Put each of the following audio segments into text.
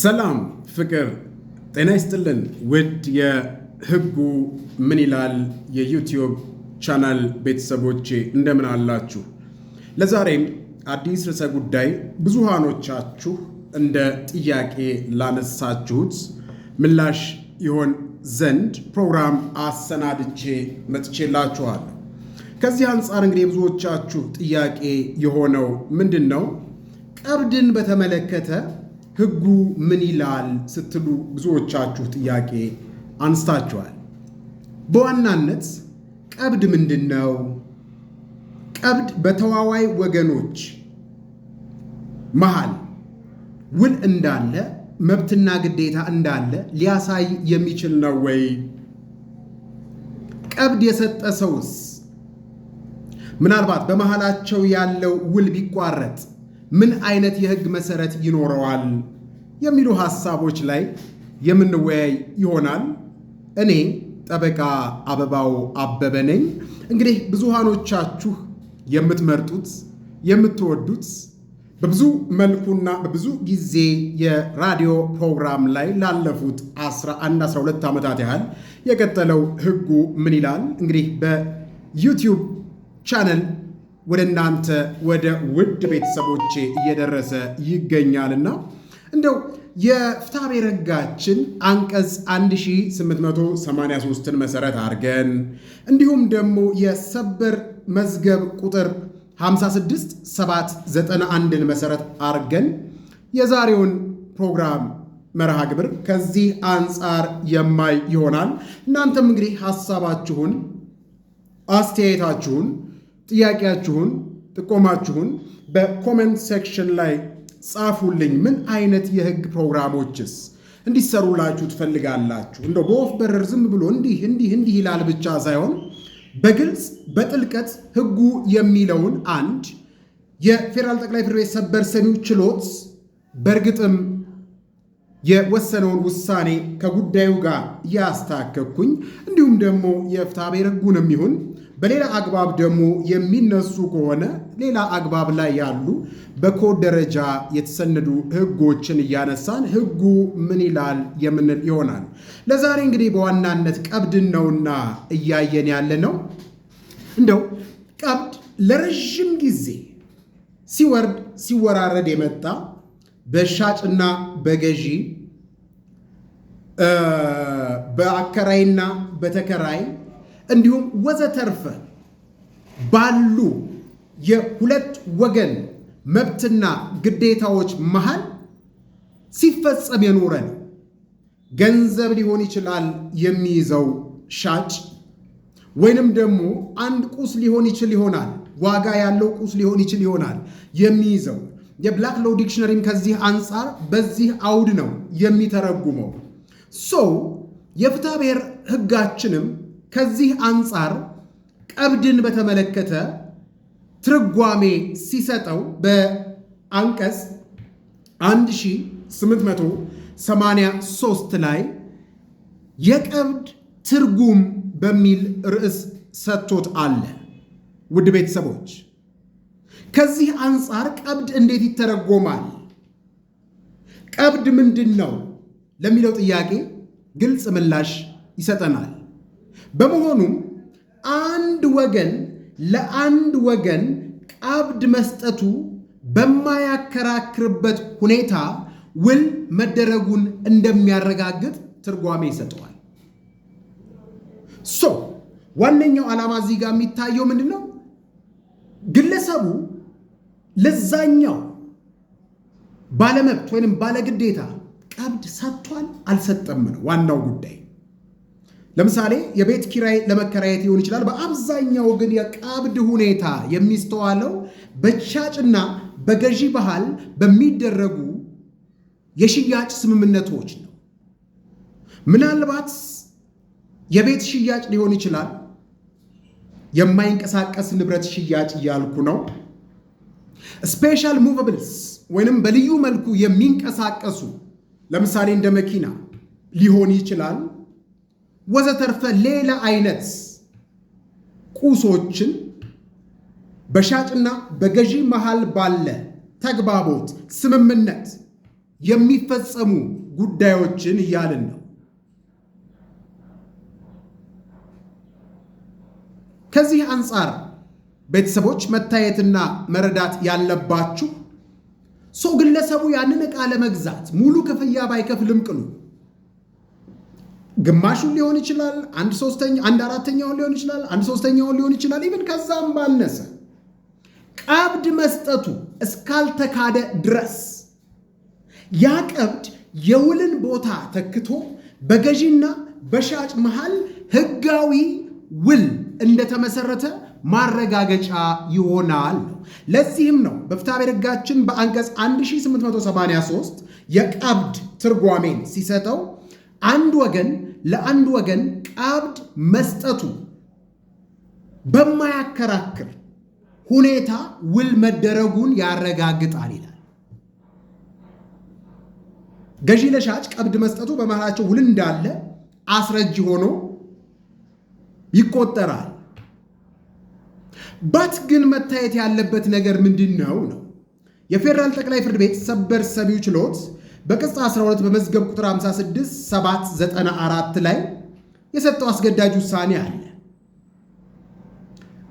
ሰላም ፍቅር ጤና ይስጥልን። ውድ የህጉ ምን ይላል የዩቲዩብ ቻናል ቤተሰቦቼ እንደምን አላችሁ? ለዛሬም አዲስ ርዕሰ ጉዳይ ብዙሃኖቻችሁ እንደ ጥያቄ ላነሳችሁት ምላሽ ይሆን ዘንድ ፕሮግራም አሰናድቼ መጥቼላችኋል ከዚህ አንጻር እንግዲህ ብዙዎቻችሁ ጥያቄ የሆነው ምንድን ነው ቀብድን በተመለከተ ህጉ ምን ይላል ስትሉ ብዙዎቻችሁ ጥያቄ አንስታችኋል። በዋናነት ቀብድ ምንድን ነው? ቀብድ በተዋዋይ ወገኖች መሃል ውል እንዳለ መብትና ግዴታ እንዳለ ሊያሳይ የሚችል ነው ወይ? ቀብድ የሰጠ ሰውስ ምናልባት በመሃላቸው ያለው ውል ቢቋረጥ ምን አይነት የህግ መሰረት ይኖረዋል የሚሉ ሀሳቦች ላይ የምንወያይ ይሆናል። እኔ ጠበቃ አበባው አበበ ነኝ። እንግዲህ ብዙሃኖቻችሁ የምትመርጡት የምትወዱት በብዙ መልኩና በብዙ ጊዜ የራዲዮ ፕሮግራም ላይ ላለፉት 11 12 ዓመታት ያህል የቀጠለው ህጉ ምን ይላል እንግዲህ በዩቲዩብ ቻነል ወደ እናንተ ወደ ውድ ቤተሰቦቼ እየደረሰ ይገኛልና እንደው የፍትሐ ብሔር ሕጋችን አንቀጽ 1883ን መሰረት አድርገን እንዲሁም ደግሞ የሰበር መዝገብ ቁጥር 56791ን መሰረት አድርገን የዛሬውን ፕሮግራም መርሃ ግብር ከዚህ አንጻር የማይ ይሆናል። እናንተም እንግዲህ ሀሳባችሁን አስተያየታችሁን ጥያቄያችሁን፣ ጥቆማችሁን በኮመንት ሴክሽን ላይ ጻፉልኝ። ምን አይነት የህግ ፕሮግራሞችስ እንዲሰሩላችሁ ትፈልጋላችሁ? እንደ በወፍ በረር ዝም ብሎ እንዲህ እንዲህ እንዲህ ይላል ብቻ ሳይሆን በግልጽ በጥልቀት ህጉ የሚለውን አንድ የፌዴራል ጠቅላይ ፍርድ ቤት ሰበር ሰሚው ችሎት በእርግጥም የወሰነውን ውሳኔ ከጉዳዩ ጋር እያስታከኩኝ እንዲሁም ደግሞ የፍትሐ ብሔር ህጉንም ይሁን በሌላ አግባብ ደግሞ የሚነሱ ከሆነ ሌላ አግባብ ላይ ያሉ በኮድ ደረጃ የተሰነዱ ህጎችን እያነሳን ህጉ ምን ይላል የምንል ይሆናል። ለዛሬ እንግዲህ በዋናነት ቀብድን ነውና እያየን ያለ ነው። እንደው ቀብድ ለረዥም ጊዜ ሲወርድ ሲወራረድ የመጣ በሻጭና በገዢ በአከራይና በተከራይ እንዲሁም ወዘተርፈ ባሉ የሁለት ወገን መብትና ግዴታዎች መሃል ሲፈጸም የኖረ ነው። ገንዘብ ሊሆን ይችላል የሚይዘው ሻጭ፣ ወይንም ደግሞ አንድ ቁስ ሊሆን ይችል ይሆናል ዋጋ ያለው ቁስ ሊሆን ይችል ይሆናል የሚይዘው። የብላክ ሎው ዲክሽነሪም ከዚህ አንጻር በዚህ አውድ ነው የሚተረጉመው። ሶ የፍትሐ ብሔር ሕጋችንም ከዚህ አንጻር ቀብድን በተመለከተ ትርጓሜ ሲሰጠው በአንቀጽ 1883 ላይ የቀብድ ትርጉም በሚል ርዕስ ሰጥቶት አለ። ውድ ቤተሰቦች ከዚህ አንጻር ቀብድ እንዴት ይተረጎማል? ቀብድ ምንድን ነው ለሚለው ጥያቄ ግልጽ ምላሽ ይሰጠናል። በመሆኑም አንድ ወገን ለአንድ ወገን ቀብድ መስጠቱ በማያከራክርበት ሁኔታ ውል መደረጉን እንደሚያረጋግጥ ትርጓሜ ይሰጠዋል። ሶ ዋነኛው ዓላማ እዚህ ጋር የሚታየው ምንድን ነው? ግለሰቡ ለዛኛው ባለመብት ወይም ባለግዴታ ቀብድ ሰጥቷል አልሰጠም ነው ዋናው ጉዳይ። ለምሳሌ የቤት ኪራይ ለመከራየት ሊሆን ይችላል። በአብዛኛው ግን የቀብድ ሁኔታ የሚስተዋለው በሻጭና በገዢ ባህል በሚደረጉ የሽያጭ ስምምነቶች ነው። ምናልባት የቤት ሽያጭ ሊሆን ይችላል። የማይንቀሳቀስ ንብረት ሽያጭ እያልኩ ነው። ስፔሻል ሙቨብልስ ወይንም በልዩ መልኩ የሚንቀሳቀሱ ለምሳሌ እንደ መኪና ሊሆን ይችላል። ወዘተርፈ ሌላ አይነት ቁሶችን በሻጭና በገዢ መሃል ባለ ተግባቦት ስምምነት የሚፈጸሙ ጉዳዮችን እያልን ነው። ከዚህ አንጻር ቤተሰቦች መታየትና መረዳት ያለባችሁ ሰው ግለሰቡ ያንን ዕቃ ለመግዛት ሙሉ ክፍያ ባይከፍልም ቅሉ ግማሹን ሊሆን ይችላል፣ አንድ ሶስተኛ አንድ አራተኛውን ሊሆን ይችላል፣ አንድ ሶስተኛውን ሊሆን ይችላል። ኢቭን ከዛም ባነሰ ቀብድ መስጠቱ እስካልተካደ ድረስ ያ ቀብድ የውልን ቦታ ተክቶ በገዢና በሻጭ መሃል ህጋዊ ውል እንደተመሰረተ ማረጋገጫ ይሆናል ነው። ለዚህም ነው በፍትሐብሔር ሕጋችን በአንቀጽ 1883 የቀብድ ትርጓሜን ሲሰጠው አንድ ወገን ለአንድ ወገን ቀብድ መስጠቱ በማያከራክር ሁኔታ ውል መደረጉን ያረጋግጣል ይላል። ገዢ ለሻጭ ቀብድ መስጠቱ በመሃላቸው ውል እንዳለ አስረጅ ሆኖ ይቆጠራል። በት ግን መታየት ያለበት ነገር ምንድን ነው ነው የፌዴራል ጠቅላይ ፍርድ ቤት ሰበር ሰሚው ችሎት በቅጽ 12 በመዝገብ ቁጥር 56 794 ላይ የሰጠው አስገዳጅ ውሳኔ አለ።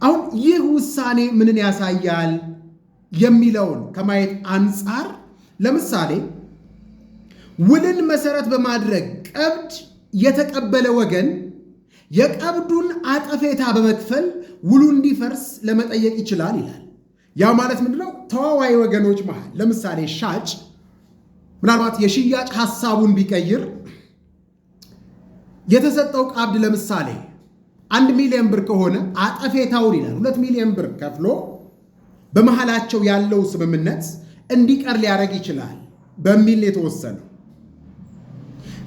አሁን ይህ ውሳኔ ምንን ያሳያል የሚለውን ከማየት አንጻር ለምሳሌ ውልን መሰረት በማድረግ ቀብድ የተቀበለ ወገን የቀብዱን አጠፌታ በመክፈል ውሉ እንዲፈርስ ለመጠየቅ ይችላል ይላል። ያው ማለት ምንድነው? ተዋዋይ ወገኖች መሃል ለምሳሌ ሻጭ ምናልባት የሽያጭ ሀሳቡን ቢቀይር የተሰጠው ቃብድ ለምሳሌ አንድ ሚሊዮን ብር ከሆነ አጠፌታውን ይላል ሁለት ሚሊዮን ብር ከፍሎ በመሃላቸው ያለው ስምምነት እንዲቀር ሊያደርግ ይችላል በሚል የተወሰነው።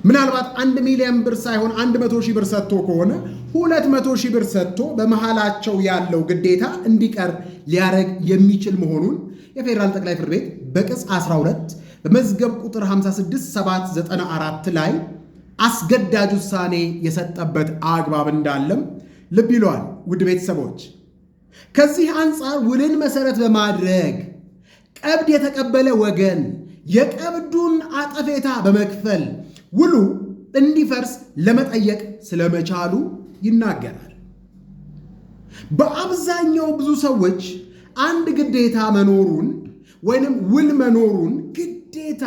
ምናልባት አንድ ሚሊዮን ብር ሳይሆን አንድ መቶ ሺህ ብር ሰጥቶ ከሆነ ሁለት መቶ ሺህ ብር ሰጥቶ በመሃላቸው ያለው ግዴታ እንዲቀር ሊያደርግ የሚችል መሆኑን የፌዴራል ጠቅላይ ፍርድ ቤት በቅጽ 12 በመዝገብ ቁጥር 56794 ላይ አስገዳጅ ውሳኔ የሰጠበት አግባብ እንዳለም ልብ ይለዋል። ውድ ቤተሰቦች ከዚህ አንጻር ውልን መሰረት በማድረግ ቀብድ የተቀበለ ወገን የቀብዱን አጠፌታ በመክፈል ውሉ እንዲፈርስ ለመጠየቅ ስለመቻሉ ይናገራል። በአብዛኛው ብዙ ሰዎች አንድ ግዴታ መኖሩን ወይንም ውል መኖሩን ግድ ግዴታ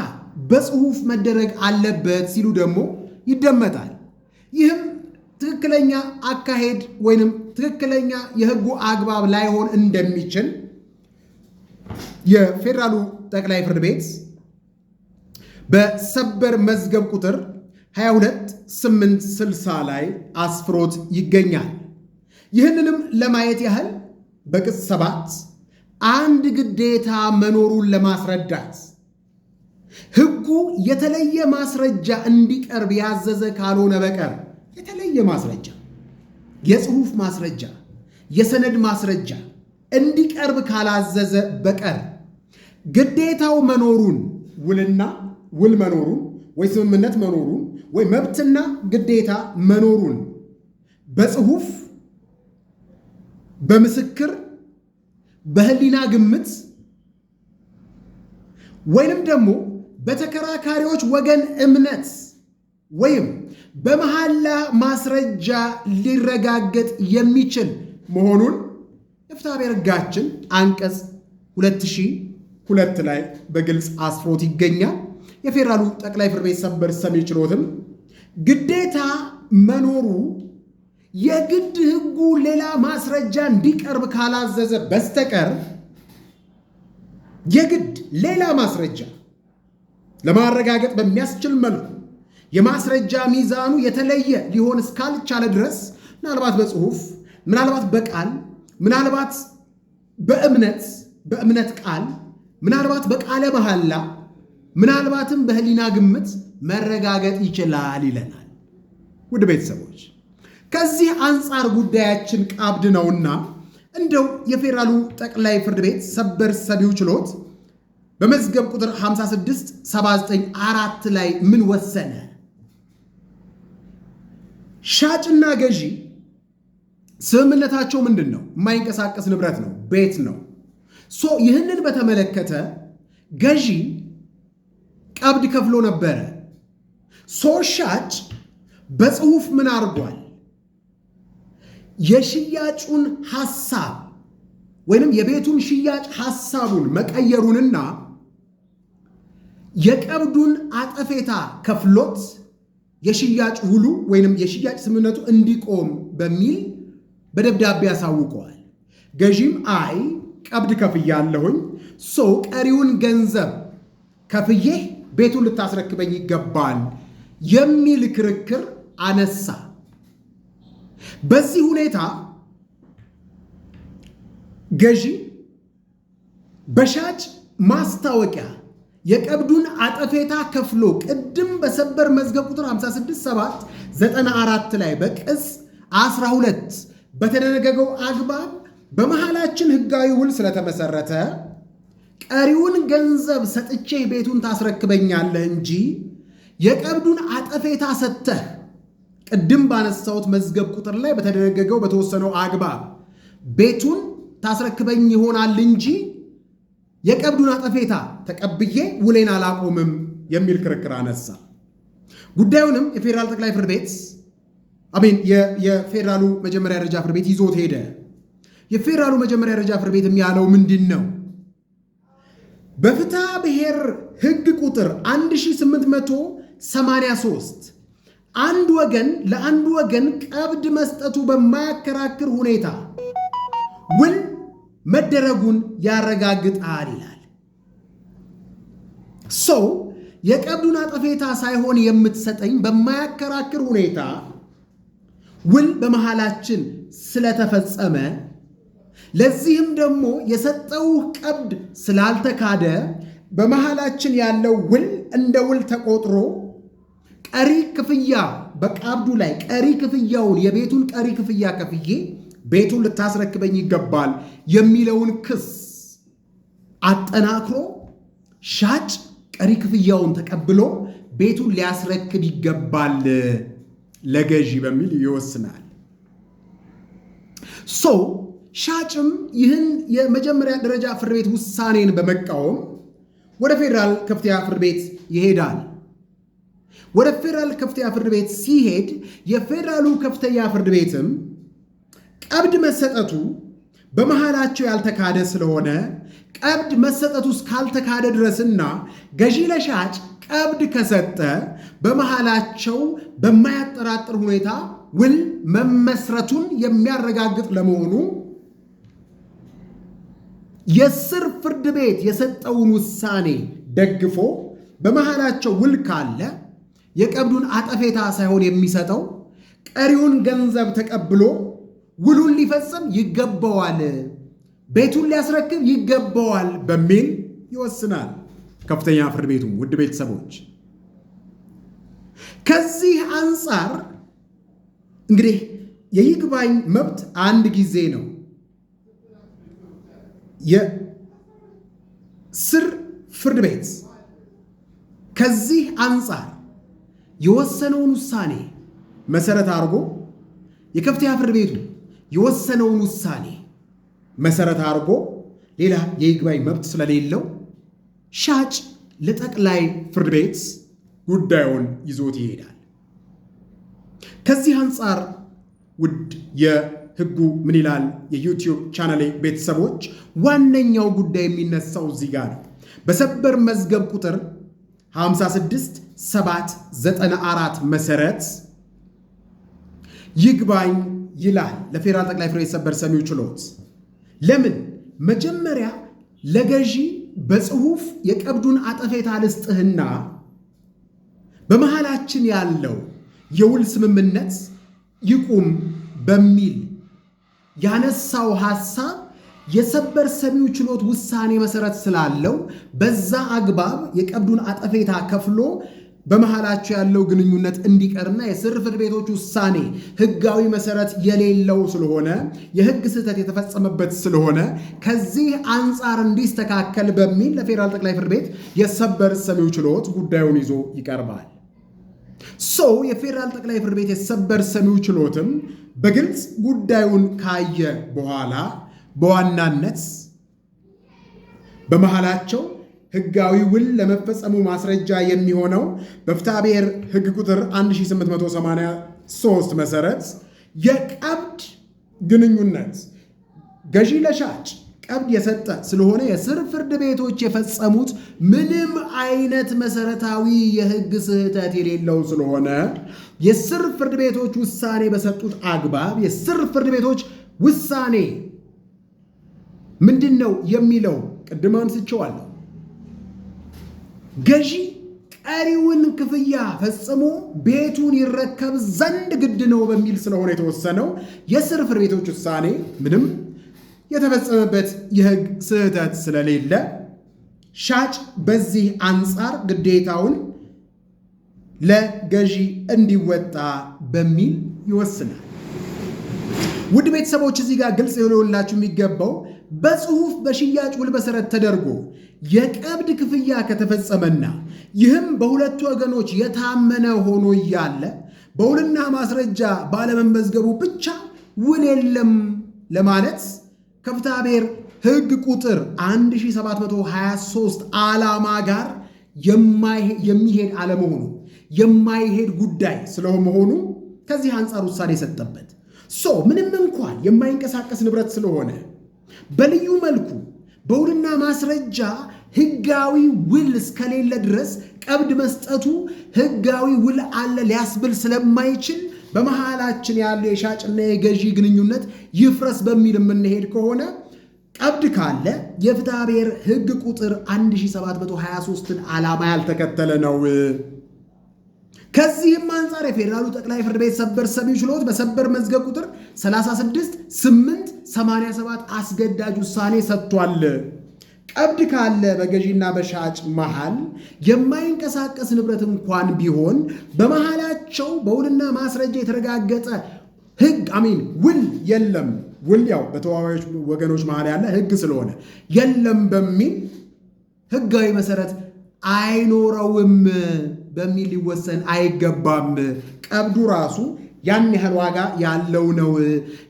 በጽሁፍ መደረግ አለበት ሲሉ ደግሞ ይደመጣል። ይህም ትክክለኛ አካሄድ ወይንም ትክክለኛ የህጉ አግባብ ላይሆን እንደሚችል የፌዴራሉ ጠቅላይ ፍርድ ቤት በሰበር መዝገብ ቁጥር 22860 ላይ አስፍሮት ይገኛል። ይህንንም ለማየት ያህል በቅጽ ሰባት አንድ ግዴታ መኖሩን ለማስረዳት ህጉ የተለየ ማስረጃ እንዲቀርብ ያዘዘ ካልሆነ በቀር የተለየ ማስረጃ የጽሁፍ ማስረጃ፣ የሰነድ ማስረጃ እንዲቀርብ ካላዘዘ በቀር ግዴታው መኖሩን ውልና ውል መኖሩን ወይ ስምምነት መኖሩን ወይ መብትና ግዴታ መኖሩን በጽሁፍ በምስክር በህሊና ግምት ወይንም ደግሞ በተከራካሪዎች ወገን እምነት ወይም በመሐላ ማስረጃ ሊረጋገጥ የሚችል መሆኑን የፍትሐብሔር ሕጋችን አንቀጽ 2002 ላይ በግልጽ አስፍሮት ይገኛል። የፌዴራሉ ጠቅላይ ፍርድ ቤት ሰበር ሰሚ ችሎትም ግዴታ መኖሩ የግድ ሕጉ ሌላ ማስረጃ እንዲቀርብ ካላዘዘ በስተቀር የግድ ሌላ ማስረጃ ለማረጋገጥ በሚያስችል መልኩ የማስረጃ ሚዛኑ የተለየ ሊሆን እስካልቻለ ድረስ ምናልባት በጽሁፍ ምናልባት በቃል ምናልባት በእምነት በእምነት ቃል ምናልባት በቃለ መሐላ ምናልባትም በህሊና ግምት መረጋገጥ ይችላል ይለናል። ውድ ቤተሰቦች ከዚህ አንጻር ጉዳያችን ቃብድ ነውና እንደው የፌዴራሉ ጠቅላይ ፍርድ ቤት ሰበር ሰሚው ችሎት በመዝገብ ቁጥር 56 79 አራት ላይ ምን ወሰነ? ሻጭና ገዢ ስምምነታቸው ምንድን ነው? የማይንቀሳቀስ ንብረት ነው፣ ቤት ነው። ሶ ይህንን በተመለከተ ገዢ ቀብድ ከፍሎ ነበረ። ሶ ሻጭ በጽሁፍ ምን አድርጓል? የሽያጩን ሐሳብ ወይንም የቤቱን ሽያጭ ሐሳቡን መቀየሩንና የቀብዱን አጠፌታ ከፍሎት የሽያጭ ውሉ ወይንም የሽያጭ ስምምነቱ እንዲቆም በሚል በደብዳቤ ያሳውቀዋል። ገዢም አይ ቀብድ ከፍያለሁኝ ሰው ቀሪውን ገንዘብ ከፍዬ ቤቱን ልታስረክበኝ ይገባል የሚል ክርክር አነሳ። በዚህ ሁኔታ ገዢ በሻጭ ማስታወቂያ የቀብዱን አጠፌታ ከፍሎ ቅድም በሰበር መዝገብ ቁጥር 567 94 ላይ በቅጽ 12 በተደነገገው አግባብ በመሃላችን ህጋዊ ውል ስለተመሰረተ ቀሪውን ገንዘብ ሰጥቼ ቤቱን ታስረክበኛለህ እንጂ የቀብዱን አጠፌታ ሰጥተህ ቅድም ባነሳሁት መዝገብ ቁጥር ላይ በተደነገገው በተወሰነው አግባብ ቤቱን ታስረክበኝ ይሆናል እንጂ የቀብዱን አጠፌታ ተቀብዬ ውሌን አላቆምም የሚል ክርክር አነሳ። ጉዳዩንም የፌዴራል ጠቅላይ ፍርድ ቤት አሜን የፌዴራሉ መጀመሪያ ደረጃ ፍርድ ቤት ይዞት ሄደ። የፌዴራሉ መጀመሪያ ደረጃ ፍርድ ቤት የሚያለው ምንድን ነው? በፍትሐ ብሔር ሕግ ቁጥር 1883 አንድ ወገን ለአንድ ወገን ቀብድ መስጠቱ በማያከራክር ሁኔታ ውል መደረጉን ያረጋግጣል ይላል። ሰው የቀብዱን አጠፌታ ሳይሆን የምትሰጠኝ በማያከራክር ሁኔታ ውል በመሃላችን ስለተፈጸመ ለዚህም ደግሞ የሰጠውህ ቀብድ ስላልተካደ በመሃላችን ያለው ውል እንደ ውል ተቆጥሮ ቀሪ ክፍያ በቀብዱ ላይ ቀሪ ክፍያውን የቤቱን ቀሪ ክፍያ ከፍዬ ቤቱን ልታስረክበኝ ይገባል የሚለውን ክስ አጠናክሮ ሻጭ ቀሪ ክፍያውን ተቀብሎ ቤቱን ሊያስረክብ ይገባል ለገዢ በሚል ይወስናል። ሶ ሻጭም ይህን የመጀመሪያ ደረጃ ፍርድ ቤት ውሳኔን በመቃወም ወደ ፌዴራል ከፍተኛ ፍርድ ቤት ይሄዳል። ወደ ፌዴራል ከፍተኛ ፍርድ ቤት ሲሄድ የፌዴራሉ ከፍተኛ ፍርድ ቤትም ቀብድ መሰጠቱ በመሃላቸው ያልተካደ ስለሆነ ቀብድ መሰጠቱ እስካልተካደ ድረስና ገዢ ለሻጭ ቀብድ ከሰጠ በመሃላቸው በማያጠራጥር ሁኔታ ውል መመስረቱን የሚያረጋግጥ ለመሆኑ የስር ፍርድ ቤት የሰጠውን ውሳኔ ደግፎ በመሃላቸው ውል ካለ የቀብዱን አጠፌታ ሳይሆን የሚሰጠው ቀሪውን ገንዘብ ተቀብሎ ውሉን ሊፈጽም ይገባዋል፣ ቤቱን ሊያስረክብ ይገባዋል በሚል ይወስናል ከፍተኛ ፍርድ ቤቱ። ውድ ቤተሰቦች ከዚህ አንጻር እንግዲህ የይግባኝ መብት አንድ ጊዜ ነው የስር ፍርድ ቤት ከዚህ አንጻር የወሰነውን ውሳኔ መሰረት አድርጎ የከፍተኛ ፍርድ ቤቱ የወሰነውን ውሳኔ መሰረት አድርጎ ሌላ የይግባኝ መብት ስለሌለው ሻጭ ለጠቅላይ ፍርድ ቤት ጉዳዩን ይዞት ይሄዳል። ከዚህ አንጻር ውድ የህጉ ምን ይላል የዩቲዩብ ቻናሌ ቤተሰቦች ዋነኛው ጉዳይ የሚነሳው እዚህ ጋር ነው። በሰበር መዝገብ ቁጥር 56 መሰረት ይግባኝ ይላል ለፌዴራል ጠቅላይ ፍርድ ቤት ሰበር ሰሚው ችሎት። ለምን መጀመሪያ ለገዢ በጽሁፍ የቀብዱን አጠፌታ ልስጥህና በመሃላችን ያለው የውል ስምምነት ይቁም በሚል ያነሳው ሐሳብ የሰበር ሰሚው ችሎት ውሳኔ መሰረት ስላለው በዛ አግባብ የቀብዱን አጠፌታ ከፍሎ በመሃላቸው ያለው ግንኙነት እንዲቀርና የስር ፍርድ ቤቶች ውሳኔ ህጋዊ መሰረት የሌለው ስለሆነ የህግ ስህተት የተፈጸመበት ስለሆነ ከዚህ አንጻር እንዲስተካከል በሚል ለፌዴራል ጠቅላይ ፍርድ ቤት የሰበር ሰሚው ችሎት ጉዳዩን ይዞ ይቀርባል። ሰው የፌዴራል ጠቅላይ ፍርድ ቤት የሰበር ሰሚው ችሎትም በግልጽ ጉዳዩን ካየ በኋላ በዋናነት በመሃላቸው ህጋዊ ውል ለመፈጸሙ ማስረጃ የሚሆነው በፍትሐ ብሔር ህግ ቁጥር 1883 መሰረት የቀብድ ግንኙነት ገዢ ለሻጭ ቀብድ የሰጠ ስለሆነ የስር ፍርድ ቤቶች የፈጸሙት ምንም አይነት መሰረታዊ የህግ ስህተት የሌለው ስለሆነ የስር ፍርድ ቤቶች ውሳኔ በሰጡት አግባብ የስር ፍርድ ቤቶች ውሳኔ ምንድን ነው የሚለው ቅድም አንስቼዋለሁ። ገዢ ቀሪውን ክፍያ ፈጽሞ ቤቱን ይረከብ ዘንድ ግድ ነው በሚል ስለሆነ የተወሰነው የስር ፍርድ ቤቶች ውሳኔ ምንም የተፈጸመበት የህግ ስህተት ስለሌለ ሻጭ በዚህ አንጻር ግዴታውን ለገዢ እንዲወጣ በሚል ይወስናል። ውድ ቤተሰቦች እዚህ ጋር ግልጽ የሆነላችሁ የሚገባው በጽሁፍ በሽያጭ ውል መሠረት ተደርጎ የቀብድ ክፍያ ከተፈጸመና ይህም በሁለቱ ወገኖች የታመነ ሆኖ እያለ በውልና ማስረጃ ባለመመዝገቡ ብቻ ውል የለም ለማለት ከፍትሐ ብሔር ሕግ ቁጥር 1723 ዓላማ ጋር የሚሄድ አለመሆኑ የማይሄድ ጉዳይ ስለመሆኑ ከዚህ አንጻር ውሳኔ የሰጠበት ሶ ምንም እንኳን የማይንቀሳቀስ ንብረት ስለሆነ በልዩ መልኩ በውልና ማስረጃ ህጋዊ ውል እስከሌለ ድረስ ቀብድ መስጠቱ ህጋዊ ውል አለ ሊያስብል ስለማይችል በመሃላችን ያለው የሻጭና የገዢ ግንኙነት ይፍረስ በሚል የምንሄድ ከሆነ ቀብድ ካለ የፍትሐ ብሔር ህግ ቁጥር 1723ን ዓላማ ያልተከተለ ነው። ከዚህም አንጻር የፌዴራሉ ጠቅላይ ፍርድ ቤት ሰበር ሰሚ ችሎት በሰበር መዝገብ ቁጥር 36 8 87 አስገዳጅ ውሳኔ ሰጥቷል። ቀብድ ካለ በገዢና በሻጭ መሃል የማይንቀሳቀስ ንብረት እንኳን ቢሆን በመሃላቸው በውልና ማስረጃ የተረጋገጠ ህግ አሚን ውል የለም። ውል ያው በተዋዋዮች ወገኖች መሃል ያለ ህግ ስለሆነ የለም በሚል ህጋዊ መሰረት አይኖረውም በሚል ሊወሰን አይገባም። ቀብዱ ራሱ ያን ያህል ዋጋ ያለው ነው።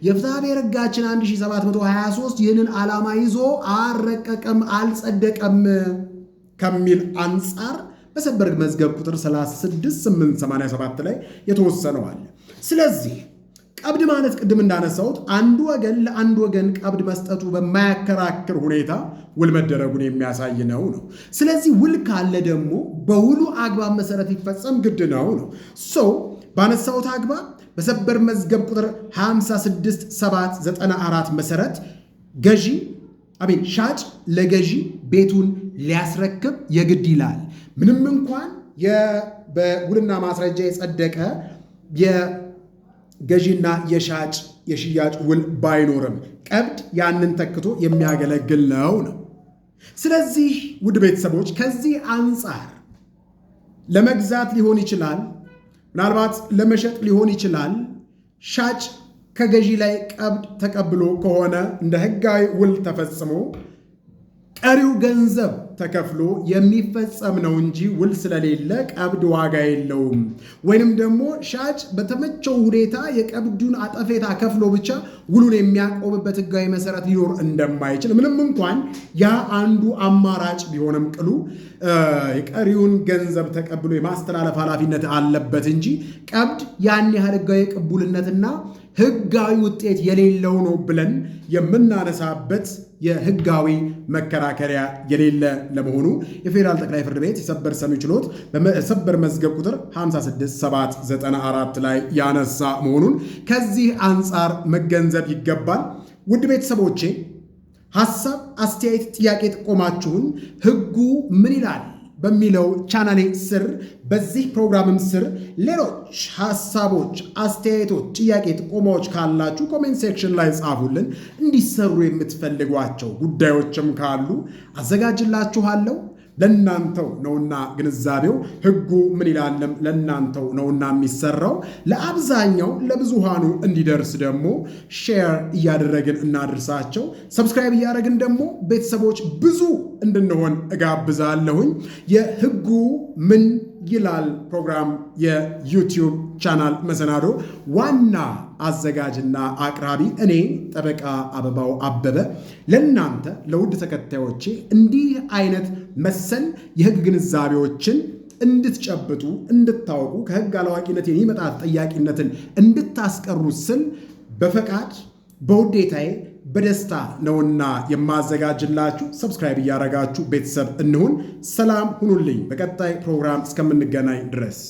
የፍትሐብሔር ሕጋችን 1723 ይህንን ዓላማ ይዞ አልረቀቀም፣ አልጸደቀም ከሚል አንጻር በሰበር መዝገብ ቁጥር 36887 ላይ የተወሰነዋል። ስለዚህ ቀብድ ማለት ቅድም እንዳነሳሁት አንዱ ወገን ለአንድ ወገን ቀብድ መስጠቱ በማያከራክር ሁኔታ ውል መደረጉን የሚያሳይ ነው ነው። ስለዚህ ውል ካለ ደግሞ በውሉ አግባብ መሰረት ይፈጸም ግድ ነው ነው ሰው ባነሳሁት አግባብ በሰበር መዝገብ ቁጥር 56794 መሰረት ገዢ አቤት ሻጭ ለገዢ ቤቱን ሊያስረክብ የግድ ይላል። ምንም እንኳን በውልና ማስረጃ የጸደቀ የገዢና የሻጭ የሽያጭ ውል ባይኖርም ቀብድ ያንን ተክቶ የሚያገለግል ነው ነው። ስለዚህ ውድ ቤተሰቦች ከዚህ አንጻር ለመግዛት ሊሆን ይችላል ምናልባት ለመሸጥ ሊሆን ይችላል። ሻጭ ከገዢ ላይ ቀብድ ተቀብሎ ከሆነ እንደ ሕጋዊ ውል ተፈጽሞ ቀሪው ገንዘብ ተከፍሎ የሚፈጸም ነው እንጂ ውል ስለሌለ ቀብድ ዋጋ የለውም። ወይንም ደግሞ ሻጭ በተመቸው ሁኔታ የቀብዱን አጠፌታ ከፍሎ ብቻ ውሉን የሚያቆምበት ሕጋዊ መሰረት ሊኖር እንደማይችል ምንም እንኳን ያ አንዱ አማራጭ ቢሆንም ቅሉ የቀሪውን ገንዘብ ተቀብሎ የማስተላለፍ ኃላፊነት አለበት እንጂ ቀብድ ያን ያህል ሕጋዊ ቅቡልነትና ህጋዊ ውጤት የሌለው ነው ብለን የምናነሳበት የህጋዊ መከራከሪያ የሌለ ለመሆኑ የፌዴራል ጠቅላይ ፍርድ ቤት የሰበር ሰሚ ችሎት በሰበር መዝገብ ቁጥር 56794 ላይ ያነሳ መሆኑን ከዚህ አንጻር መገንዘብ ይገባል። ውድ ቤተሰቦቼ ሀሳብ፣ አስተያየት፣ ጥያቄ ጥቆማችሁን ህጉ ምን ይላል በሚለው ቻናሌ ስር በዚህ ፕሮግራምም ስር ሌሎች ሀሳቦች፣ አስተያየቶች፣ ጥያቄ፣ ጥቆማዎች ካላችሁ ኮሜንት ሴክሽን ላይ ጻፉልን። እንዲሰሩ የምትፈልጓቸው ጉዳዮችም ካሉ አዘጋጅላችኋለሁ። ለእናንተው ነውና ግንዛቤው ህጉ ምን ይላለም ለእናንተው ነውና የሚሰራው ለአብዛኛው ለብዙሃኑ እንዲደርስ ደግሞ ሼር እያደረግን እናድርሳቸው። ሰብስክራይብ እያደረግን ደግሞ ቤተሰቦች ብዙ እንድንሆን እጋብዛለሁኝ። የህጉ ምን ይላል ፕሮግራም የዩቲዩብ ቻናል መሰናዶ ዋና አዘጋጅና አቅራቢ እኔ ጠበቃ አበባው አበበ ለእናንተ ለውድ ተከታዮቼ እንዲህ አይነት መሰል የህግ ግንዛቤዎችን እንድትጨብጡ እንድታወቁ ከህግ አላዋቂነት የሚመጣ ጠያቂነትን እንድታስቀሩ ስል በፈቃድ በውዴታዬ በደስታ ነውና የማዘጋጅላችሁ። ሰብስክራይብ እያደረጋችሁ ቤተሰብ እንሁን። ሰላም ሁኑልኝ። በቀጣይ ፕሮግራም እስከምንገናኝ ድረስ